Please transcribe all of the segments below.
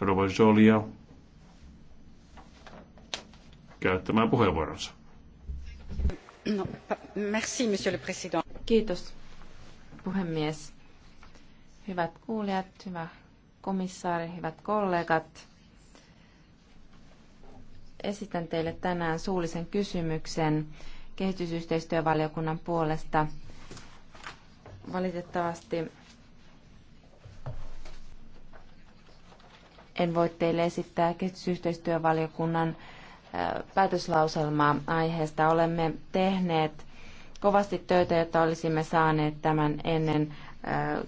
Rova Jolia käyttämään puheenvuoronsa. No, merci, monsieur le président. Kiitos, puhemies. Hyvät kuulijat, hyvä komissaari, hyvät kollegat. Esitän teille tänään suullisen kysymyksen kehitysyhteistyövaliokunnan puolesta. Valitettavasti en voi teille esittää kehitysyhteistyövaliokunnan päätöslauselmaa aiheesta. Olemme tehneet kovasti töitä, jotta olisimme saaneet tämän ennen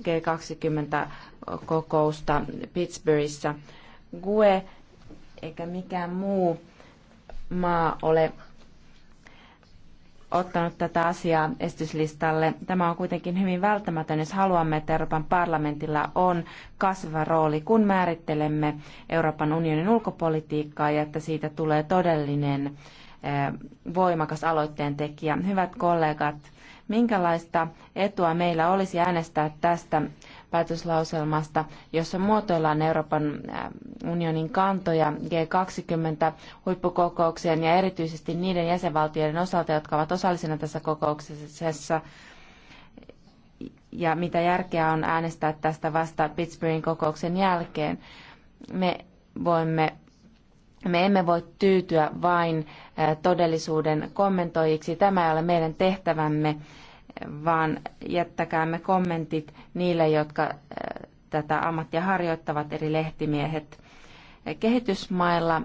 G20-kokousta Pittsburghissa. GUE eikä mikään muu maa ole ottanut tätä asiaa esityslistalle. Tämä on kuitenkin hyvin välttämätön, jos haluamme, että Euroopan parlamentilla on kasvava rooli, kun määrittelemme Euroopan unionin ulkopolitiikkaa ja että siitä tulee todellinen eh, voimakas aloitteen tekijä. Hyvät kollegat, minkälaista etua meillä olisi äänestää tästä päätöslauselmasta, jossa muotoillaan Euroopan äh, unionin kantoja G20-huippukokoukseen ja erityisesti niiden jäsenvaltioiden osalta, jotka ovat osallisena tässä kokouksessa ja mitä järkeä on äänestää tästä vasta Pittsburghin kokouksen jälkeen. Me voimme me emme voi tyytyä vain äh, todellisuuden kommentoijiksi. Tämä ei ole meidän tehtävämme vaan jättäkäämme kommentit niille, jotka äh, tätä ammattia harjoittavat, eri lehtimiehet. Kehitysmailla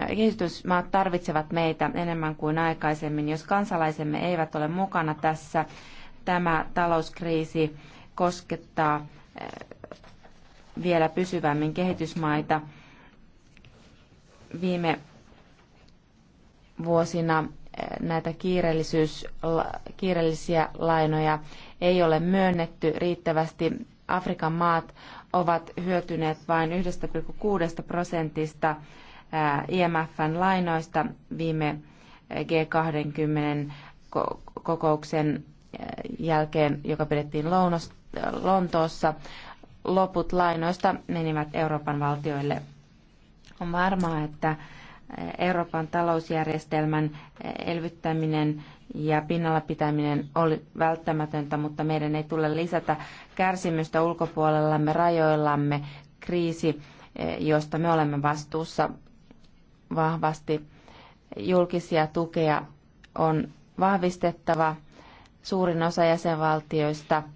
äh, Kehitysmaat tarvitsevat meitä enemmän kuin aikaisemmin. Jos kansalaisemme eivät ole mukana tässä, tämä talouskriisi koskettaa äh, vielä pysyvämmin kehitysmaita. Viime vuosina näitä kiireellisyys, kiireellisiä lainoja ei ole myönnetty riittävästi. Afrikan maat ovat hyötyneet vain 1,6 prosentista IMFn lainoista viime G20 kokouksen jälkeen, joka pidettiin Lontoossa. Loput lainoista menivät Euroopan valtioille. On varmaa, että Euroopan talousjärjestelmän elvyttäminen ja pinnalla pitäminen oli välttämätöntä, mutta meidän ei tule lisätä kärsimystä ulkopuolellamme, rajoillamme, kriisi, josta me olemme vastuussa vahvasti. Julkisia tukea on vahvistettava. Suurin osa jäsenvaltioista –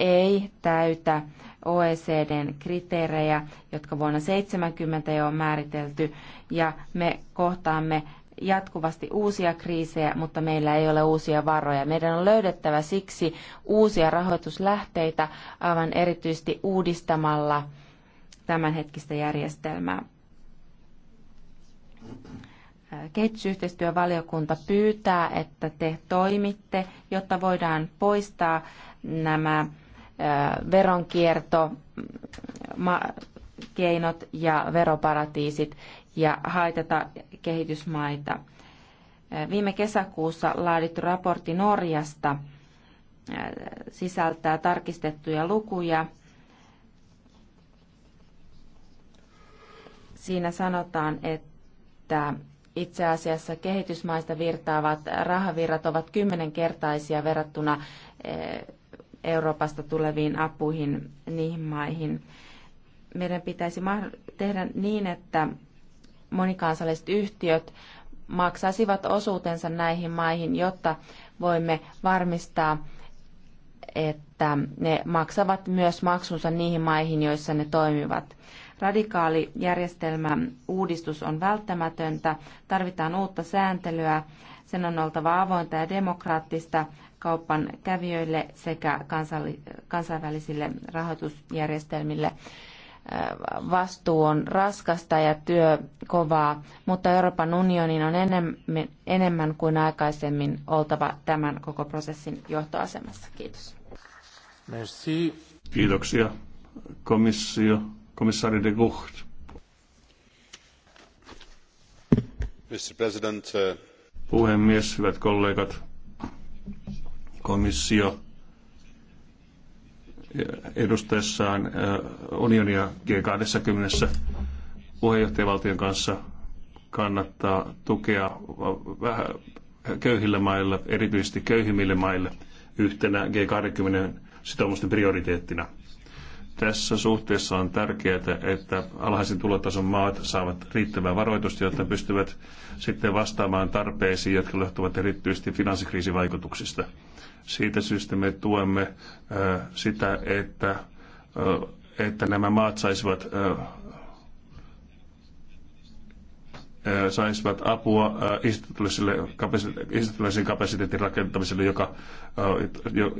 ei täytä OECDn kriteerejä, jotka vuonna 70 jo on määritelty, ja me kohtaamme jatkuvasti uusia kriisejä, mutta meillä ei ole uusia varoja. Meidän on löydettävä siksi uusia rahoituslähteitä, aivan erityisesti uudistamalla tämänhetkistä järjestelmää. Kehitysyhteistyövaliokunta pyytää, että te toimitte, jotta voidaan poistaa nämä veronkierto, mm, keinot ja veroparatiisit ja haitata kehitysmaita. Viime kesäkuussa laadittu raportti Norjasta sisältää tarkistettuja lukuja. Siinä sanotaan, että itse asiassa kehitysmaista virtaavat rahavirrat ovat kymmenenkertaisia verrattuna Euroopasta tuleviin apuihin niihin maihin. Meidän pitäisi tehdä niin, että monikansalliset yhtiöt maksaisivat osuutensa näihin maihin, jotta voimme varmistaa, että ne maksavat myös maksunsa niihin maihin, joissa ne toimivat. Radikaali järjestelmän uudistus on välttämätöntä, tarvitaan uutta sääntelyä, sen on oltava avointa ja demokraattista, kaupan kävijöille sekä kansainvälisille rahoitusjärjestelmille. Äh, vastuu on raskasta ja työ kovaa, mutta Euroopan unionin on enemmän, enemmän kuin aikaisemmin oltava tämän koko prosessin johtoasemassa. Kiitos. Merci. Kiitoksia komissio, komissaari de Gucht. Mr. President, uh, Puhemies, hyvät kollegat, komissio edustaessaan unionia G20 puheenjohtajavaltion kanssa kannattaa tukea vähän köyhille maille, erityisesti köyhimmille maille yhtenä G20 sitoumusten prioriteettina. Tässä suhteessa on tärkeää, että alhaisen tulotason maat saavat riittävää varoitusta, jotta pystyvät sitten vastaamaan tarpeisiin, jotka johtuvat erityisesti finanssikriisivaikutuksista. Siitä syystä me tuemme äh, sitä, että, äh, että nämä maat saisivat äh, saisivat apua instituutiollisen kapasiteetin rakentamiselle, joka,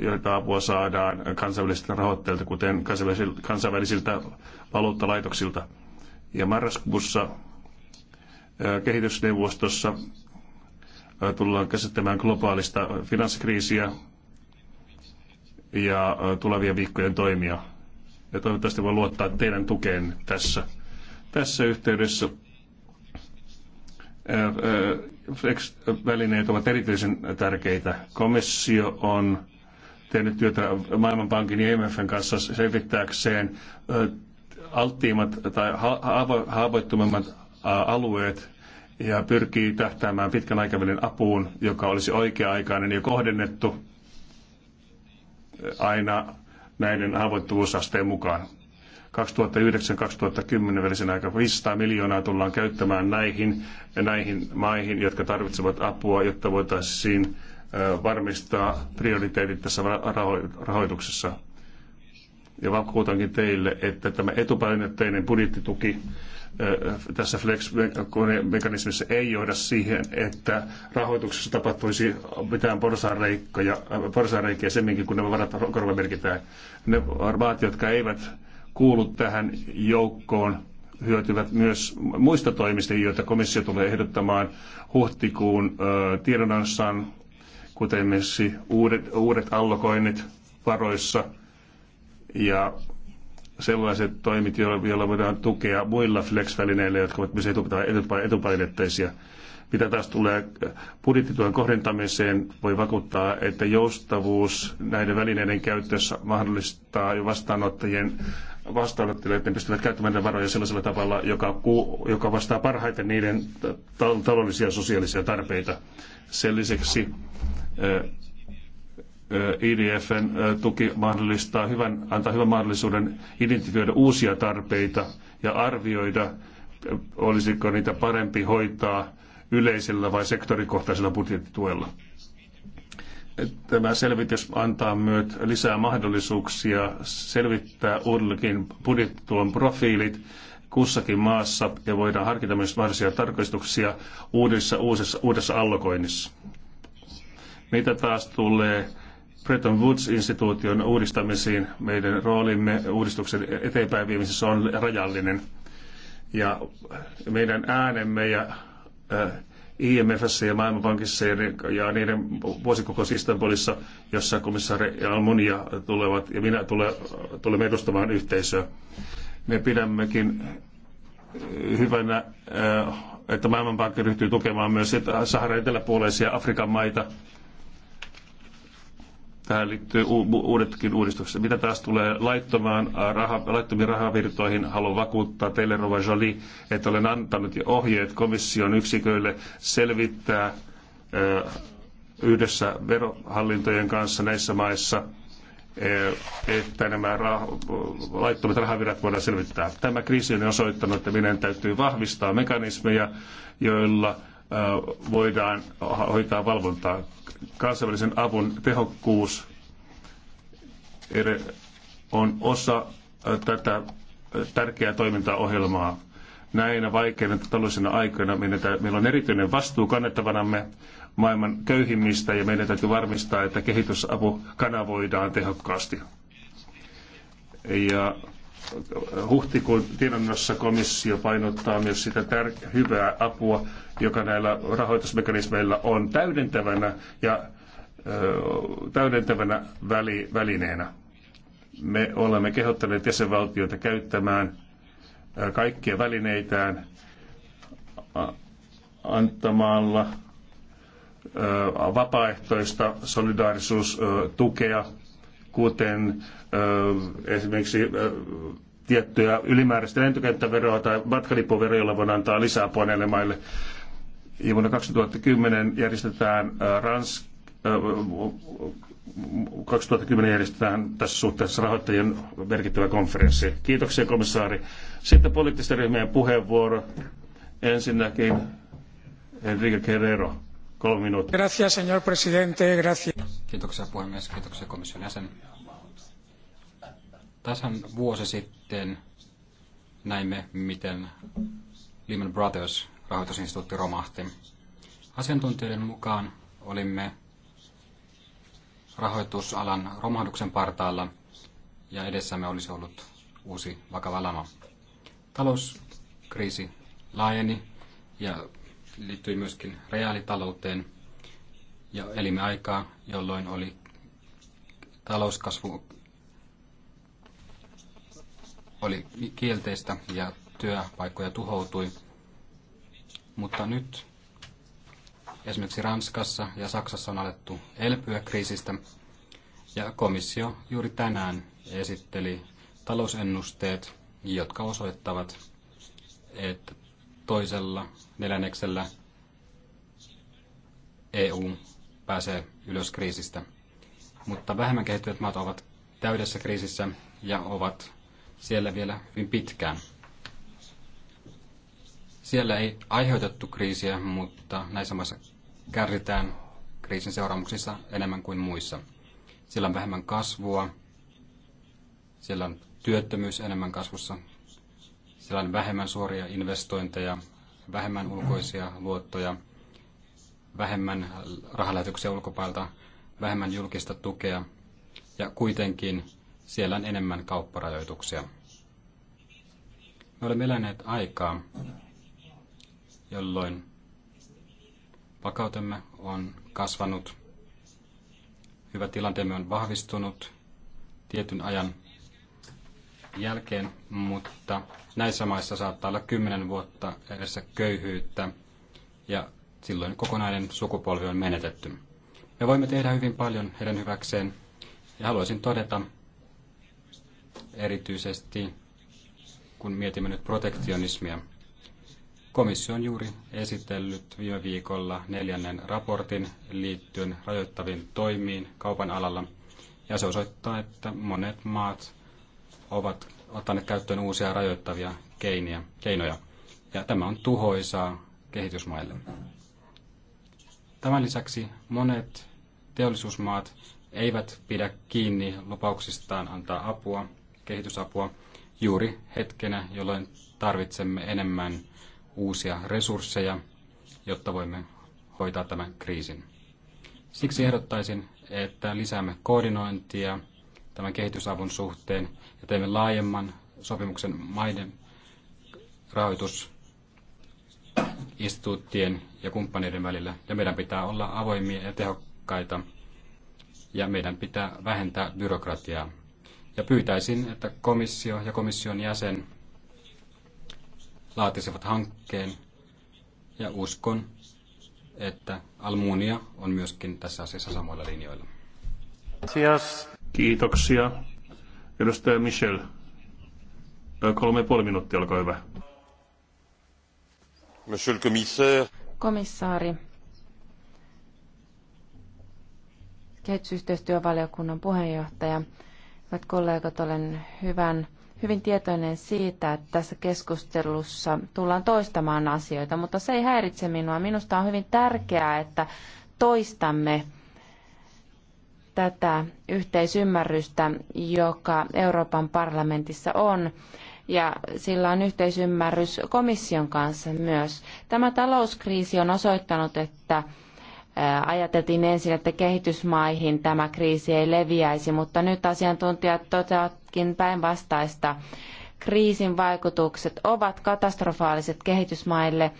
joita apua saadaan kansainvälisiltä rahoittajilta, kuten kansainvälisiltä valuuttalaitoksilta. Ja marraskuussa kehitysneuvostossa tullaan käsittämään globaalista finanssikriisiä ja tulevien viikkojen toimia. Ja toivottavasti voi luottaa teidän tukeen tässä, tässä yhteydessä. Flex-välineet ovat erityisen tärkeitä. Komissio on tehnyt työtä Maailmanpankin ja IMFn kanssa selvittääkseen alttiimmat tai haavoittumimmat alueet ja pyrkii tähtäämään pitkän aikavälin apuun, joka olisi oikea-aikainen ja kohdennettu aina näiden haavoittuvuusasteen mukaan. 2009-2010 välisen aikana 500 miljoonaa tullaan käyttämään näihin, näihin maihin, jotka tarvitsevat apua, jotta voitaisiin varmistaa prioriteetit tässä rahoituksessa. Ja vakuutankin teille, että tämä etupainotteinen budjettituki tässä Flex-mekanismissa ei johda siihen, että rahoituksessa tapahtuisi mitään porsaanreikkoja, porsaanreikiä semminkin, kun nämä varat korvamerkitään. Ne maat, jotka eivät kuulu tähän joukkoon, hyötyvät myös muista toimista, joita komissio tulee ehdottamaan huhtikuun tiedonannossaan, kuten esimerkiksi uudet, uudet allokoinnit varoissa ja sellaiset toimit, joilla, joilla voidaan tukea muilla flex-välineillä, jotka ovat myös etupainotteisia. Mitä taas tulee budjettituen kohdentamiseen, voi vakuuttaa, että joustavuus näiden välineiden käytössä mahdollistaa jo vastaanottajien että ne pystyvät käyttämään näitä varoja sellaisella tavalla, joka, joka vastaa parhaiten niiden taloudellisia ja sosiaalisia tarpeita. Sen lisäksi IDFn tuki mahdollistaa hyvän, antaa hyvän mahdollisuuden identifioida uusia tarpeita ja arvioida, olisiko niitä parempi hoitaa yleisellä vai sektorikohtaisella budjettituella. Tämä selvitys antaa myös lisää mahdollisuuksia selvittää uudellakin budjettituen profiilit kussakin maassa ja voidaan harkita myös mahdollisia tarkistuksia uudessa, uudessa, uudessa allokoinnissa. Mitä taas tulee Bretton Woods-instituution uudistamisiin, meidän roolimme uudistuksen eteenpäinviemisessä on rajallinen. Ja meidän äänemme ja Äh, IMFssä ja Maailmanpankissa ja niiden vuosikokous Istanbulissa, jossa komissaari Almunia tulevat ja minä tule, tulemme edustamaan yhteisöä. Me pidämmekin äh, hyvänä, äh, että Maailmanpankki ryhtyy tukemaan myös Saharan eteläpuoleisia Afrikan maita Tähän liittyy uudetkin uudistukset. Mitä taas tulee laittomaan raha, laittomiin rahavirtoihin, haluan vakuuttaa teille, Rova Jolie, että olen antanut jo ohjeet komission yksiköille selvittää ö, yhdessä verohallintojen kanssa näissä maissa että nämä rah- laittomat rahavirrat voidaan selvittää. Tämä kriisi on osoittanut, että meidän täytyy vahvistaa mekanismeja, joilla voidaan hoitaa valvontaa. Kansainvälisen avun tehokkuus on osa tätä tärkeää toimintaohjelmaa. Näinä vaikeina taloudellisina aikoina meillä on erityinen vastuu kannettavanamme maailman köyhimmistä ja meidän täytyy varmistaa, että kehitysapu kanavoidaan tehokkaasti. Ja huhtikuun tiedonnossa komissio painottaa myös sitä tär- hyvää apua, joka näillä rahoitusmekanismeilla on täydentävänä ja täydentävänä väli, välineenä. Me olemme kehottaneet jäsenvaltioita käyttämään kaikkia välineitään antamalla vapaaehtoista solidaarisuustukea – kuten esimerkiksi tiettyä ylimääräistä lentokenttäveroa tai matkalippuveroa, jolla voidaan antaa lisää puoneille maille. Ja vuonna 2010 järjestetään Ransk, 2010 järjestetään tässä suhteessa rahoittajien merkittävä konferenssi. Kiitoksia komissaari. Sitten poliittisten ryhmien puheenvuoro. Ensinnäkin Enrique Guerrero, kolme minuuttia. Gracias, señor presidente. Gracias. Kiitoksia puhemies, kiitoksia komission jäsen. Täshän vuosi sitten näimme, miten Lehman Brothers rahoitusinstituutti romahti. Asiantuntijoiden mukaan olimme rahoitusalan romahduksen partaalla ja edessämme olisi ollut uusi vakava lama. Talouskriisi laajeni ja liittyi myöskin reaalitalouteen – ja elimme aikaa, jolloin oli talouskasvu oli kielteistä ja työpaikkoja tuhoutui. Mutta nyt esimerkiksi Ranskassa ja Saksassa on alettu elpyä kriisistä. Ja komissio juuri tänään esitteli talousennusteet, jotka osoittavat, että toisella neljänneksellä EU pääsee ylös kriisistä. Mutta vähemmän kehittyvät maat ovat täydessä kriisissä ja ovat siellä vielä hyvin pitkään. Siellä ei aiheutettu kriisiä, mutta näissä maissa kärsitään kriisin seuraamuksissa enemmän kuin muissa. Siellä on vähemmän kasvua, siellä on työttömyys enemmän kasvussa, siellä on vähemmän suoria investointeja, vähemmän ulkoisia luottoja – vähemmän rahalähetyksiä ulkopuolelta, vähemmän julkista tukea ja kuitenkin siellä on enemmän kaupparajoituksia. Me olemme eläneet aikaa, jolloin vakautemme on kasvanut, hyvä tilanteemme on vahvistunut tietyn ajan jälkeen, mutta näissä maissa saattaa olla kymmenen vuotta edessä köyhyyttä ja silloin kokonainen sukupolvi on menetetty. Me voimme tehdä hyvin paljon heidän hyväkseen, ja haluaisin todeta erityisesti, kun mietimme nyt protektionismia. Komissio on juuri esitellyt viime viikolla neljännen raportin liittyen rajoittaviin toimiin kaupan alalla, ja se osoittaa, että monet maat ovat ottaneet käyttöön uusia rajoittavia keinoja, ja tämä on tuhoisaa kehitysmaille. Tämän lisäksi monet teollisuusmaat eivät pidä kiinni lupauksistaan antaa apua, kehitysapua, juuri hetkenä, jolloin tarvitsemme enemmän uusia resursseja, jotta voimme hoitaa tämän kriisin. Siksi ehdottaisin, että lisäämme koordinointia tämän kehitysavun suhteen ja teemme laajemman sopimuksen maiden rahoitus instituuttien ja kumppaneiden välillä. Ja meidän pitää olla avoimia ja tehokkaita. Ja meidän pitää vähentää byrokratiaa. Ja pyytäisin, että komissio ja komission jäsen laatisivat hankkeen. Ja uskon, että Almunia on myöskin tässä asiassa samoilla linjoilla. Kiitoksia. Edustaja Michel, kolme ja puoli minuuttia, olkaa hyvä. Monsieur le commissaire. Komissaari. Kehitysyhteistyövaliokunnan puheenjohtaja. Hyvät kollegat, olen hyvän, hyvin tietoinen siitä, että tässä keskustelussa tullaan toistamaan asioita, mutta se ei häiritse minua. Minusta on hyvin tärkeää, että toistamme tätä yhteisymmärrystä, joka Euroopan parlamentissa on ja sillä on yhteisymmärrys komission kanssa myös. Tämä talouskriisi on osoittanut, että Ajateltiin ensin, että kehitysmaihin tämä kriisi ei leviäisi, mutta nyt asiantuntijat toteavatkin päinvastaista. Kriisin vaikutukset ovat katastrofaaliset kehitysmaille.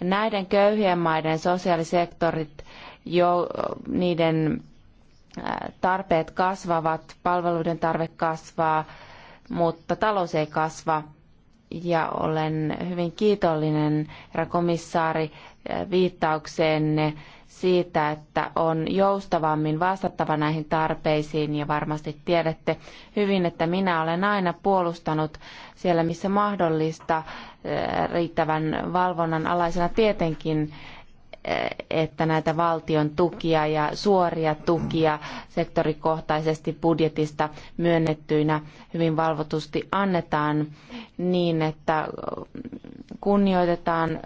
Näiden köyhien maiden sosiaalisektorit, jo, niiden tarpeet kasvavat, palveluiden tarve kasvaa, mutta talous ei kasva. Ja olen hyvin kiitollinen, herra komissaari, viittaukseenne siitä, että on joustavammin vastattava näihin tarpeisiin ja varmasti tiedätte hyvin, että minä olen aina puolustanut siellä missä mahdollista eh, riittävän valvonnan alaisena tietenkin että näitä valtion tukia ja suoria tukia sektorikohtaisesti budjetista myönnettyinä hyvin valvotusti annetaan niin, että kunnioitetaan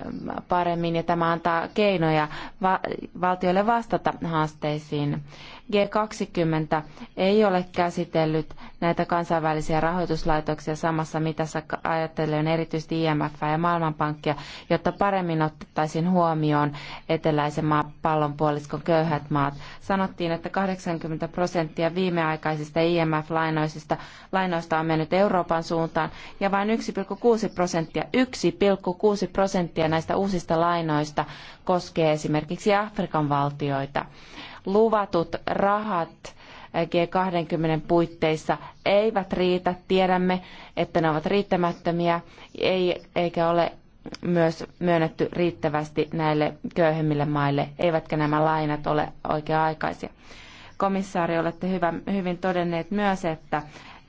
paremmin ja tämä antaa keinoja valtioille vastata haasteisiin. G20 ei ole käsitellyt näitä kansainvälisiä rahoituslaitoksia samassa mitassa ajattelen erityisesti IMF ja Maailmanpankkia, jotta paremmin otettaisiin huomioon eteläisen pallonpuoliskon köyhät maat. Sanottiin, että 80 prosenttia viimeaikaisista IMF-lainoista lainoista on mennyt Euroopan suuntaan ja vain 1,6 prosenttia, 1,6 prosenttia näistä uusista lainoista koskee esimerkiksi Afrikan valtioita luvatut rahat G20 puitteissa eivät riitä. Tiedämme, että ne ovat riittämättömiä, ei, eikä ole myös myönnetty riittävästi näille köyhemmille maille, eivätkä nämä lainat ole oikea-aikaisia. Komissaari, olette hyvä, hyvin todenneet myös, että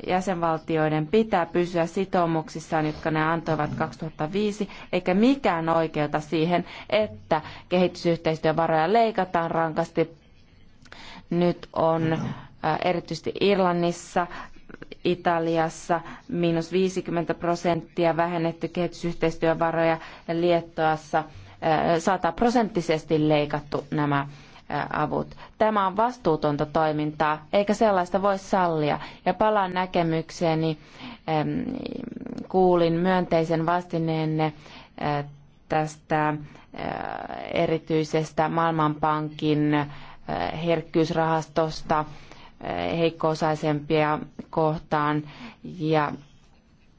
jäsenvaltioiden pitää pysyä sitoumuksissaan, jotka ne antoivat 2005, eikä mikään oikeuta siihen, että kehitysyhteistyövaroja leikataan rankasti nyt on mm-hmm. erityisesti Irlannissa, Italiassa miinus 50 prosenttia vähennetty kehitysyhteistyövaroja ja Liettuassa 100 prosenttisesti leikattu nämä avut. Tämä on vastuutonta toimintaa, eikä sellaista voi sallia. Ja palaan näkemykseeni, kuulin myönteisen vastineenne tästä erityisestä Maailmanpankin Eh, herkkyysrahastosta eh, heikko-osaisempia kohtaan ja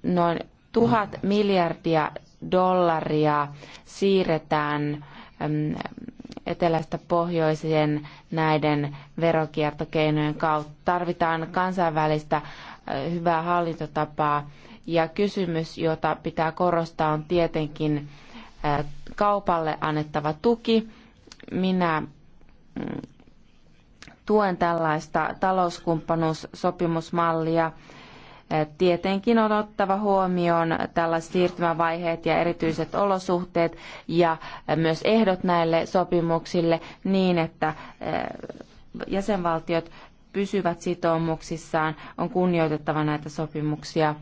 noin tuhat miljardia dollaria siirretään etelästä pohjoiseen näiden verokiertokeinojen kautta. Tarvitaan kansainvälistä eh, hyvää hallintotapaa ja kysymys, jota pitää korostaa, on tietenkin kaupalle annettava tuki. Minä mm, tuen tällaista talouskumppanuussopimusmallia. Eh, tietenkin on ottava huomioon tällaiset siirtymävaiheet ja erityiset olosuhteet ja eh, myös ehdot näille sopimuksille niin, että eh, jäsenvaltiot pysyvät sitoumuksissaan, on kunnioitettava näitä sopimuksia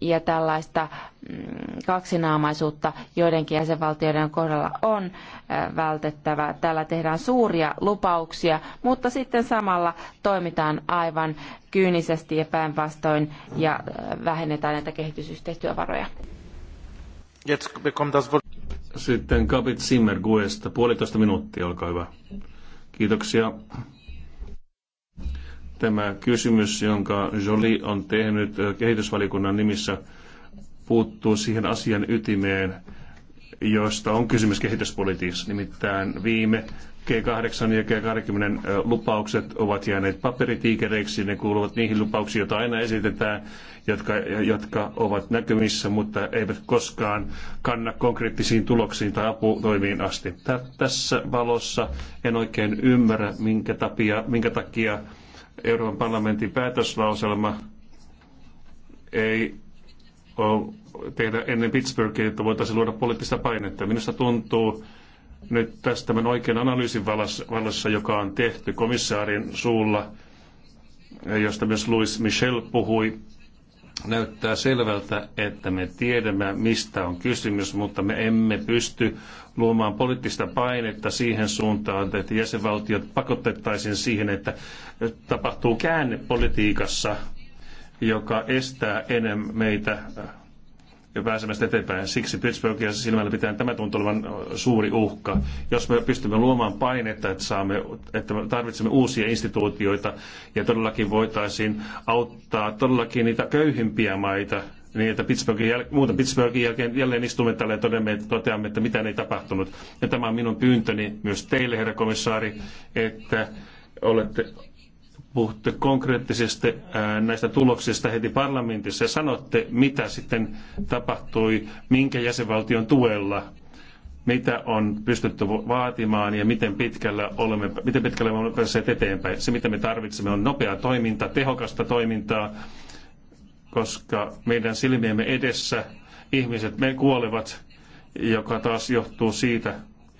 ja tällaista mm, kaksinaamaisuutta joidenkin jäsenvaltioiden kohdalla on äh, vältettävä. Täällä tehdään suuria lupauksia, mutta sitten samalla toimitaan aivan kyynisesti ja päinvastoin ja äh, vähennetään näitä kehitysyhteistyövaroja. Sitten Kapit Simmer puolitoista minuuttia, olkaa hyvä. Kiitoksia Tämä kysymys, jonka Jolie on tehnyt äh, kehitysvalikunnan nimissä, puuttuu siihen asian ytimeen, josta on kysymys kehityspolitiikassa. Nimittäin viime G8 ja G20 äh, lupaukset ovat jääneet paperitiikereiksi. Ne kuuluvat niihin lupauksiin, joita aina esitetään, jotka, jotka ovat näkymissä, mutta eivät koskaan kanna konkreettisiin tuloksiin tai aputoimiin asti. Tässä valossa en oikein ymmärrä, minkä, tapia, minkä takia Euroopan parlamentin päätöslauselma ei ole tehdä ennen Pittsburghia, että voitaisiin luoda poliittista painetta. Minusta tuntuu nyt tästä tämän oikean analyysin valossa, joka on tehty komissaarin suulla, josta myös Louis Michel puhui, näyttää selvältä, että me tiedämme, mistä on kysymys, mutta me emme pysty luomaan poliittista painetta siihen suuntaan, että jäsenvaltiot pakotettaisiin siihen, että tapahtuu käänne politiikassa, joka estää enemmän meitä ja pääsemme eteenpäin. Siksi Pittsburghiä silmällä pitää tämä tuntuu olevan suuri uhka. Jos me pystymme luomaan painetta, että, saamme, että me tarvitsemme uusia instituutioita ja todellakin voitaisiin auttaa todellakin niitä köyhimpiä maita, niin että Pittsburghin jäl- muuten Pittsburghin jälkeen jälleen istumme tällä ja todemme, että toteamme, että mitään ei tapahtunut. Ja tämä on minun pyyntöni myös teille, herra komissaari, että olette puhutte konkreettisesti näistä tuloksista heti parlamentissa ja sanotte, mitä sitten tapahtui, minkä jäsenvaltion tuella, mitä on pystytty vaatimaan ja miten pitkällä olemme, miten pitkällä olemme päässeet eteenpäin. Se, mitä me tarvitsemme, on nopea toiminta, tehokasta toimintaa, koska meidän silmiemme edessä ihmiset, me kuolevat, joka taas johtuu siitä,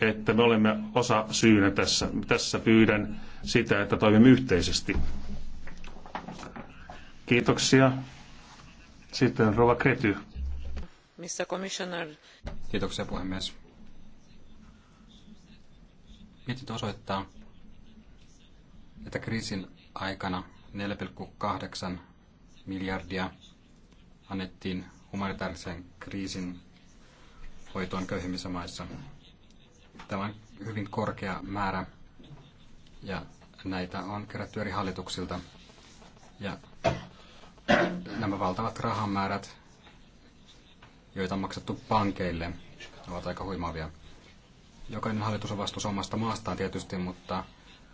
että me olemme osa syynä tässä. Tässä pyydän sitä, että toimimme yhteisesti. Kiitoksia. Sitten Rova Krety. Mr. Commissioner. Kiitoksia puhemies. Mietintö osoittaa, että kriisin aikana 4,8 miljardia annettiin humanitaarisen kriisin hoitoon köyhimmissä maissa. Tämä on hyvin korkea määrä ja näitä on kerätty eri hallituksilta. Ja nämä valtavat rahamäärät, joita on maksettu pankeille, ovat aika huimaavia. Jokainen hallitus on vastuussa omasta maastaan tietysti, mutta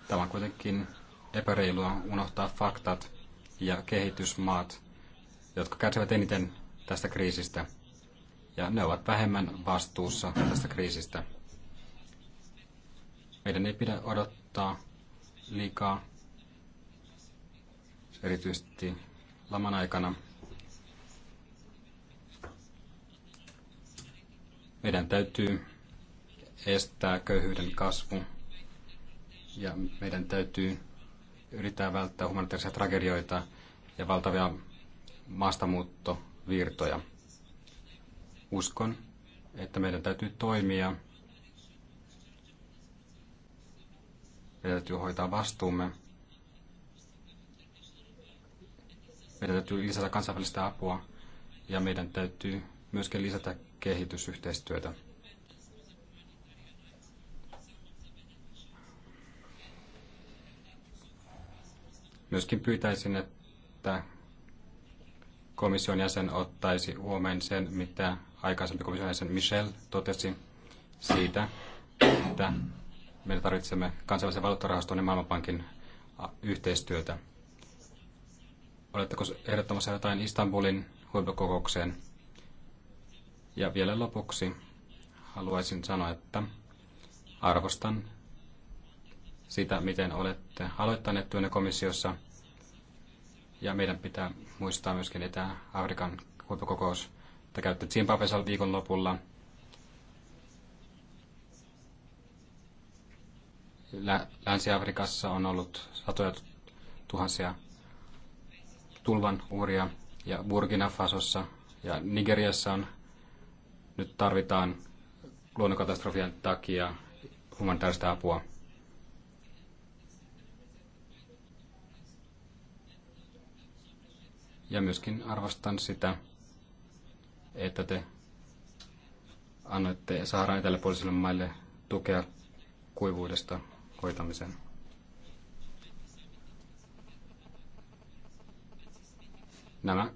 tämä on kuitenkin epäreilua unohtaa faktat ja kehitysmaat, jotka kärsivät eniten tästä kriisistä. Ja ne ovat vähemmän vastuussa tästä kriisistä. Meidän ei pidä odottaa liikaa, erityisesti laman aikana. Meidän täytyy estää köyhyyden kasvu ja meidän täytyy yrittää välttää humanitaarisia tragedioita ja valtavia maastamuuttovirtoja. Uskon, että meidän täytyy toimia Meidän täytyy hoitaa vastuumme. Meidän täytyy lisätä kansainvälistä apua ja meidän täytyy myöskin lisätä kehitysyhteistyötä. Myöskin pyytäisin, että komission jäsen ottaisi huomioon sen, mitä aikaisempi komission jäsen Michel totesi siitä, että me tarvitsemme kansainvälisen valuuttarahaston ja maailmanpankin yhteistyötä. Oletteko ehdottomassa jotain Istanbulin huippukokoukseen? Ja vielä lopuksi haluaisin sanoa, että arvostan sitä, miten olette aloittaneet työnne komissiossa. Ja meidän pitää muistaa myöskin että afrikan huippukokous, että käytte Zimbabwessa viikon lopulla – Länsi-Afrikassa on ollut satoja tuhansia tulvan uhria ja Burkina Fasossa ja Nigeriassa on nyt tarvitaan luonnonkatastrofien takia humanitaarista apua. Ja myöskin arvostan sitä, että te annoitte Saharan eteläpuolisille maille tukea kuivuudesta hoitamiseen. Nämä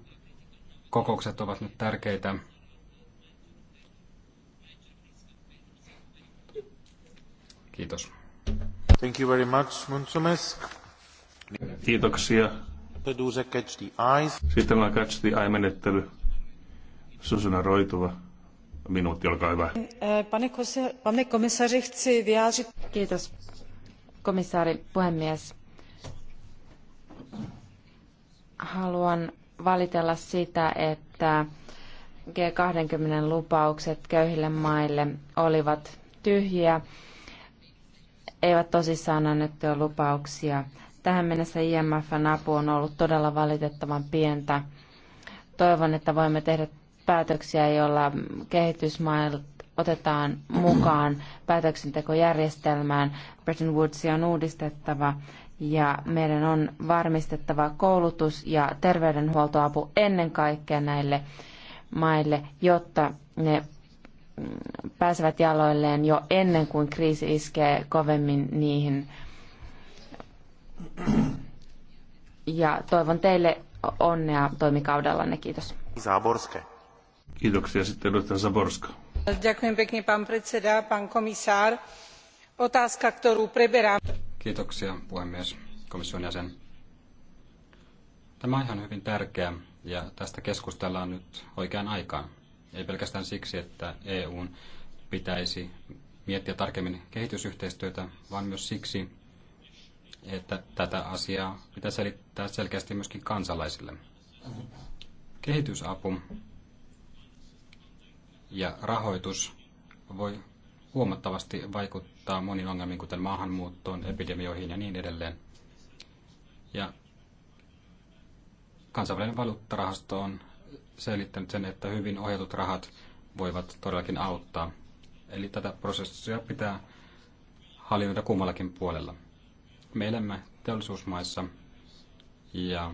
kokoukset ovat nyt tärkeitä. Kiitos. Thank you very much. Mulțumesc. Kiitoksia. Sitten on catch the eye-menettely. Susana Roituva. Minuutti, olkaa hyvä. Pane komissari chci vyjádřit... Kiitos komissaari, puhemies. Haluan valitella sitä, että G20 lupaukset köyhille maille olivat tyhjiä, eivät tosissaan annettuja lupauksia. Tähän mennessä IMFn apu on ollut todella valitettavan pientä. Toivon, että voimme tehdä päätöksiä, joilla kehitysmailla otetaan mukaan päätöksentekojärjestelmään. Bretton Woodsia on uudistettava ja meidän on varmistettava koulutus ja terveydenhuoltoapu ennen kaikkea näille maille, jotta ne pääsevät jaloilleen jo ennen kuin kriisi iskee kovemmin niihin. Ja toivon teille onnea toimikaudellanne. Kiitos. Zaborske. Kiitoksia sitten edustaja Zaborska otázka ktorú preberáme. kiitoksia puhemies komission jäsen tämä on ihan hyvin tärkeä ja tästä keskustellaan nyt oikeaan aikaan ei pelkästään siksi että eun pitäisi miettiä tarkemmin kehitysyhteistyötä vaan myös siksi että tätä asiaa pitäisi selittää selkeästi myöskin kansalaisille. Kehitysapu ja rahoitus voi huomattavasti vaikuttaa moniin ongelmiin, kuten maahanmuuttoon, epidemioihin ja niin edelleen. Ja kansainvälinen valuuttarahasto on selittänyt sen, että hyvin ohjatut rahat voivat todellakin auttaa. Eli tätä prosessia pitää hallinnoida kummallakin puolella. Me elämme teollisuusmaissa ja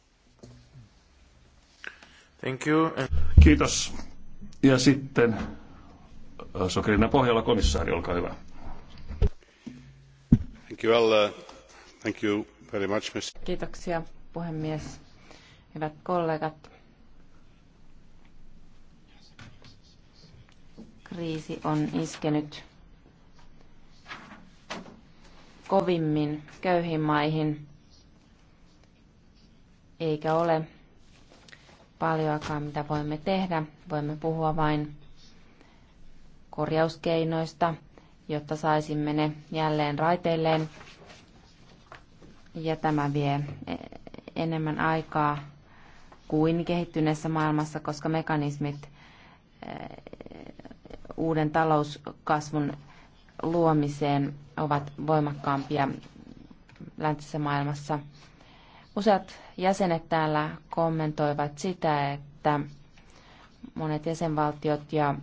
Thank you. Kiitos. Ja sitten äh, sokerina pohjalla komissaari, olkaa hyvä. Thank you, all. Uh, thank you very much, Mr. Kiitoksia puhemies. Hyvät kollegat. Kriisi on iskenyt kovimmin köyhiin maihin, eikä ole paljoakaan, mitä voimme tehdä. Voimme puhua vain korjauskeinoista, jotta saisimme ne jälleen raiteilleen. Ja tämä vie e- enemmän aikaa kuin kehittyneessä maailmassa, koska mekanismit e- uuden talouskasvun luomiseen ovat voimakkaampia läntisessä maailmassa Useat jäsenet täällä kommentoivat sitä, että monet jäsenvaltiot ja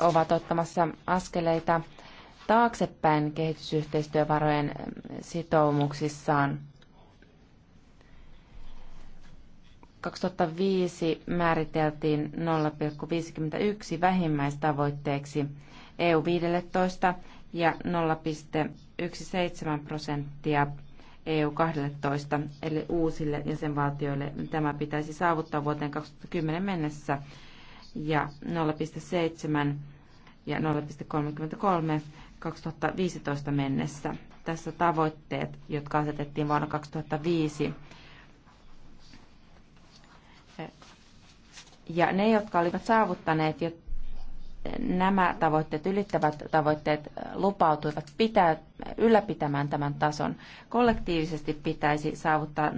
ovat ottamassa askeleita taaksepäin kehitysyhteistyövarojen sitoumuksissaan. 2005 määriteltiin 0,51 vähimmäistavoitteeksi EU-15 ja 0,17 prosenttia EU-12, eli uusille jäsenvaltioille. Tämä pitäisi saavuttaa vuoteen 2010 mennessä ja 0,7 ja 0,33 2015 mennessä. Tässä tavoitteet, jotka asetettiin vuonna 2005. Ja ne, jotka olivat saavuttaneet jo nämä tavoitteet, ylittävät tavoitteet lupautuivat pitää, ylläpitämään tämän tason. Kollektiivisesti pitäisi saavuttaa 0,56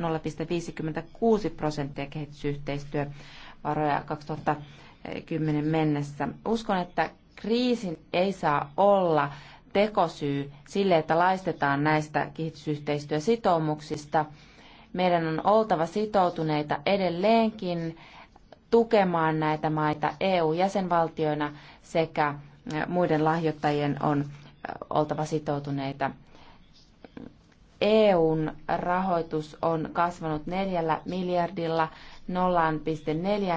prosenttia kehitysyhteistyövaroja 2010 mennessä. Uskon, että kriisin ei saa olla tekosyy sille, että laistetaan näistä kehitysyhteistyösitoumuksista. Meidän on oltava sitoutuneita edelleenkin tukemaan näitä maita EU-jäsenvaltioina sekä muiden lahjoittajien on oltava sitoutuneita. EUn rahoitus on kasvanut neljällä miljardilla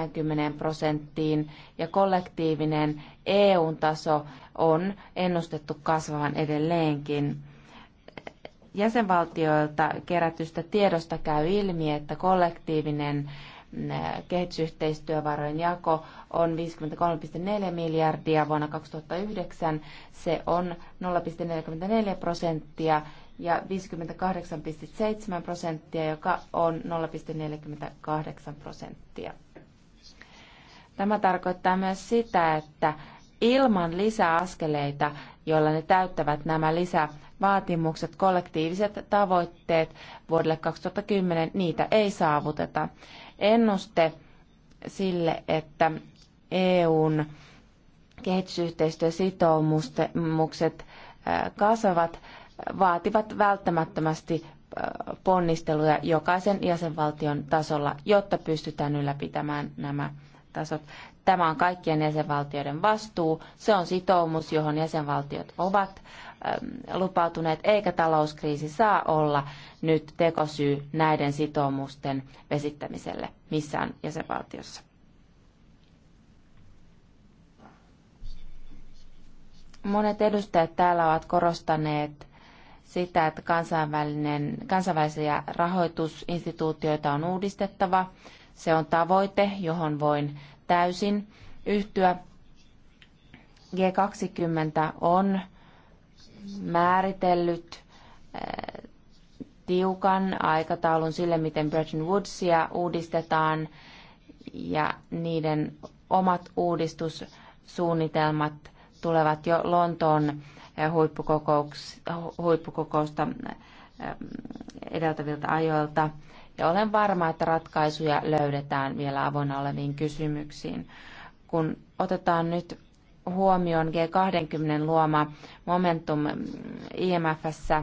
0,40 prosenttiin ja kollektiivinen EUn taso on ennustettu kasvavan edelleenkin. Jäsenvaltioilta kerätystä tiedosta käy ilmi, että kollektiivinen kehitysyhteistyövarojen jako on 53,4 miljardia vuonna 2009. Se on 0,44 prosenttia ja 58,7 prosenttia, joka on 0,48 prosenttia. Tämä tarkoittaa myös sitä, että ilman lisäaskeleita, joilla ne täyttävät nämä lisävaatimukset, kollektiiviset tavoitteet vuodelle 2010, niitä ei saavuteta ennuste sille, että EUn kehitysyhteistyösitoumukset kasvavat, vaativat välttämättömästi ponnisteluja jokaisen jäsenvaltion tasolla, jotta pystytään ylläpitämään nämä tasot. Tämä on kaikkien jäsenvaltioiden vastuu. Se on sitoumus, johon jäsenvaltiot ovat Ähm, lupautuneet, eikä talouskriisi saa olla nyt tekosyy näiden sitoumusten vesittämiselle missään jäsenvaltiossa. Monet edustajat täällä ovat korostaneet sitä, että kansainvälinen, kansainvälisiä rahoitusinstituutioita on uudistettava. Se on tavoite, johon voin täysin yhtyä. G20 on määritellyt eh, tiukan aikataulun sille, miten Bretton Woodsia uudistetaan ja niiden omat uudistussuunnitelmat tulevat jo Lontoon eh, huippukokousta eh, edeltäviltä ajoilta. Ja olen varma, että ratkaisuja löydetään vielä avoinna oleviin kysymyksiin. Kun otetaan nyt huomioon G20 luoma momentum IMFssä,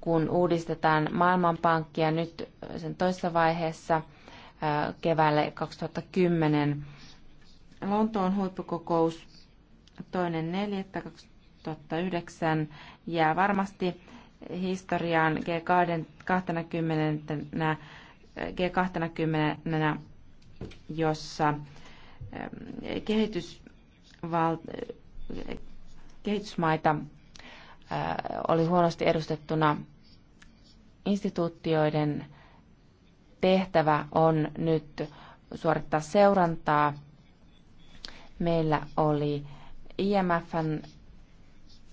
kun uudistetaan Maailmanpankkia nyt sen toisessa vaiheessa keväälle 2010. Lontoon huippukokous toinen jää varmasti historiaan G20, G20 jossa kehitys val- kehitysmaita äh, oli huonosti edustettuna. Instituutioiden tehtävä on nyt suorittaa seurantaa. Meillä oli IMFn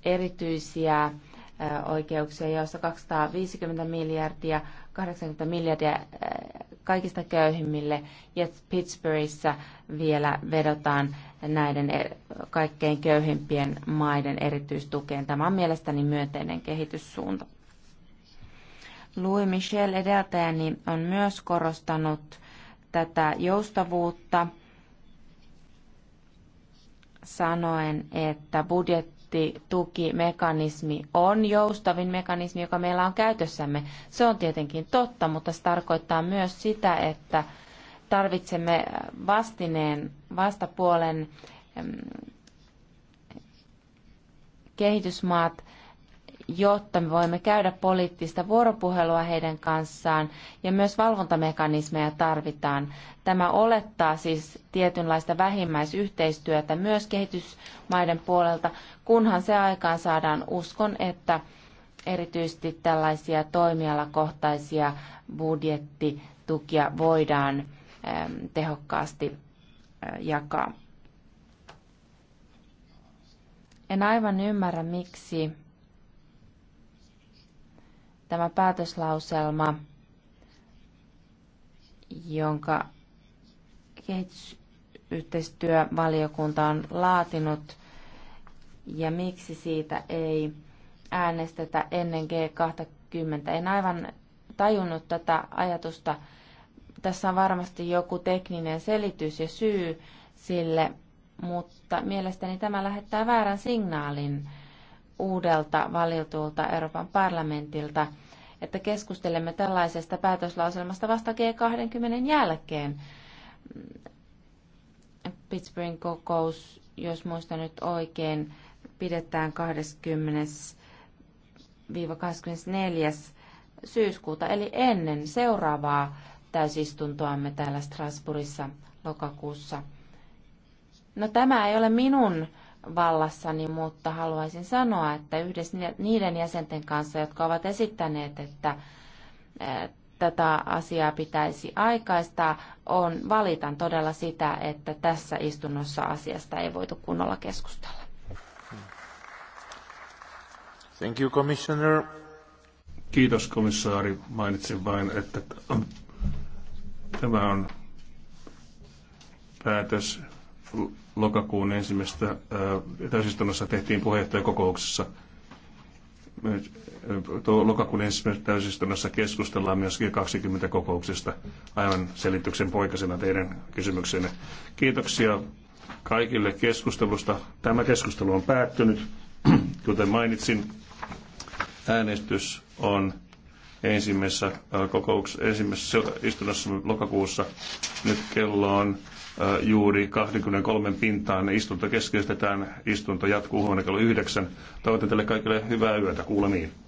erityisiä äh, oikeuksia, joissa 250 miljardia, 80 miljardia äh, kaikista köyhimmille ja Pittsburghissa vielä vedotaan näiden e- kaikkein köyhimpien maiden erityistukeen. Tämä on mielestäni myönteinen kehityssuunta. Louis Michel edeltäjäni on myös korostanut tätä joustavuutta sanoen, että budjetti budjettitukimekanismi on joustavin mekanismi, joka meillä on käytössämme. Se on tietenkin totta, mutta se tarkoittaa myös sitä, että tarvitsemme vastineen vastapuolen kehitysmaat jotta me voimme käydä poliittista vuoropuhelua heidän kanssaan ja myös valvontamekanismeja tarvitaan. Tämä olettaa siis tietynlaista vähimmäisyhteistyötä myös kehitysmaiden puolelta, kunhan se aikaan saadaan uskon, että erityisesti tällaisia toimialakohtaisia budjettitukia voidaan ähm, tehokkaasti äh, jakaa. En aivan ymmärrä, miksi tämä päätöslauselma, jonka kehitysyhteistyövaliokunta on laatinut ja miksi siitä ei äänestetä ennen G20. En aivan tajunnut tätä ajatusta. Tässä on varmasti joku tekninen selitys ja syy sille, mutta mielestäni tämä lähettää väärän signaalin uudelta valitulta Euroopan parlamentilta, että keskustelemme tällaisesta päätöslauselmasta vasta G20 jälkeen. Pittsburghin kokous, jos muistan nyt oikein, pidetään 20-24. syyskuuta, eli ennen seuraavaa täysistuntoamme täällä Strasbourgissa lokakuussa. No tämä ei ole minun vallassani, mutta haluaisin sanoa, että yhdessä niiden jäsenten kanssa, jotka ovat esittäneet, että eh, tätä asiaa pitäisi aikaista, on valitan todella sitä, että tässä istunnossa asiasta ei voitu kunnolla keskustella. Thank you, Commissioner. Kiitos komissaari. Mainitsin vain, että tämä on päätös lokakuun ensimmäistä äh, täysistunnossa tehtiin puheenjohtajakokouksessa. Lokakuun ensimmäisessä täysistunnossa keskustellaan myös G20-kokouksesta aivan selityksen poikasena teidän kysymyksenne. Kiitoksia kaikille keskustelusta. Tämä keskustelu on päättynyt. Kuten mainitsin, äänestys on ensimmäisessä, kokouks, ensimmäisessä istunnossa lokakuussa. Nyt kello on juuri 23 pintaan. Istunto keskeytetään. Istunto jatkuu huomenna kello 9. Toivotan teille kaikille hyvää yötä. Kuulemiin.